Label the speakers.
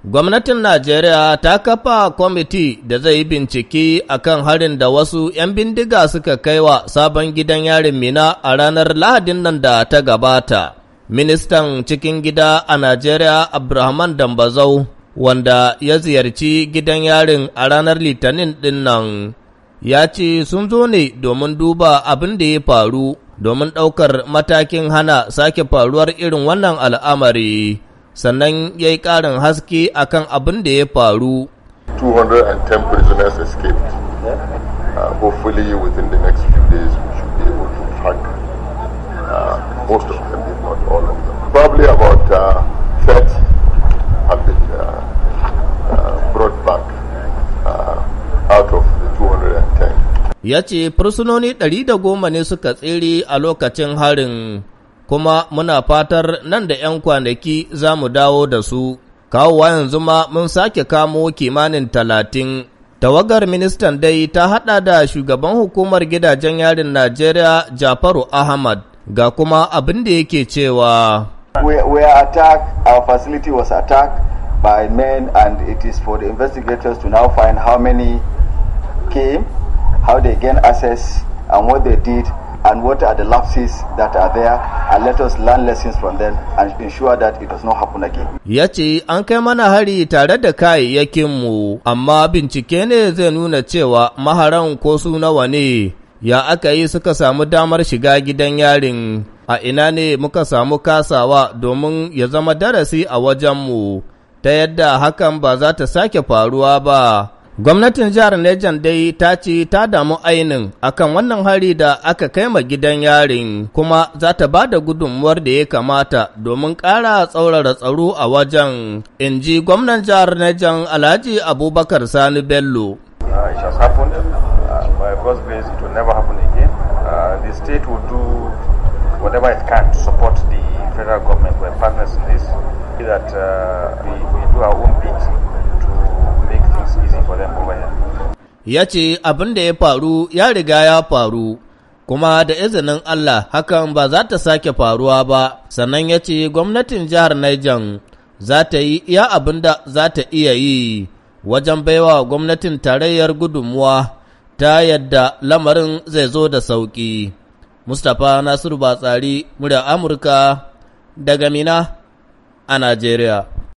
Speaker 1: Gwamnatin Najeriya ta kafa kwamiti da zai yi binciki a kan harin da wasu ‘yan bindiga suka kai wa sabon gidan yarin Mina a ranar Lahadin nan da ta gabata. Ministan cikin gida a Najeriya Abrahaman Dambazau, wanda ya ziyarci gidan yarin a ranar Litinin ɗin nan, ya ce sun zo ne domin duba abin da ya faru domin ɗaukar matakin hana sake faruwar irin wannan al'amari. sannan ya yi ƙarin haske a kan abin da ya faru.
Speaker 2: 210 prisoners escaped. Uh, hopefully within the next few days we should be able to track uh, most of them, if not all of them. Probably about uh, 30 have been uh, uh, brought back uh, out of the 210.
Speaker 1: Ya ce fursunoni 110 ne suka tsere a lokacin harin kuma muna fatar nan da ‘yan kwanaki za mu dawo da su, kawowa yanzu ma mun sake kamo kimanin talatin. Tawagar ministan dai ta haɗa da shugaban hukumar gidajen yarin Najeriya Jafaru Ahmad ga kuma abin da yake cewa.
Speaker 2: We our facility was attacked by men and it is for the investigators to now find how many came, how they gain access and what they did and what are the lapses that are there and let us learn lessons from them and ensure that it does not happen again.
Speaker 1: Ya ce an kai mana hari tare da kayayyakinmu amma bincike ne zai nuna cewa maharan ko su nawa ne ya aka yi suka samu damar shiga gidan yarin a ina ne muka samu kasawa domin ya zama darasi a wajenmu ta yadda hakan ba za ta sake faruwa ba. Gwamnatin jihar Nejan dai ta ce ta damu ainin akan wannan hari da aka kai ma gidan yarin kuma za ta ba da gudunmuwar da ya kamata domin ƙara tsaurara tsaro a wajen, in ji gwamnan jihar Nejan Alhaji Abubakar Sani Bello.
Speaker 2: Uh, it
Speaker 1: ya ce abin da ya faru ya riga ya faru kuma da izinin Allah hakan ba za ta sake faruwa ba sannan ya ce gwamnatin jihar Niger za ta yi iya abin da za ta iya yi wajen baiwa gwamnatin tarayyar gudunmuwa ta yadda lamarin zai zo da sauƙi. Mustapha Nasiru Batsari, murya Amurka daga Mina a Najeriya.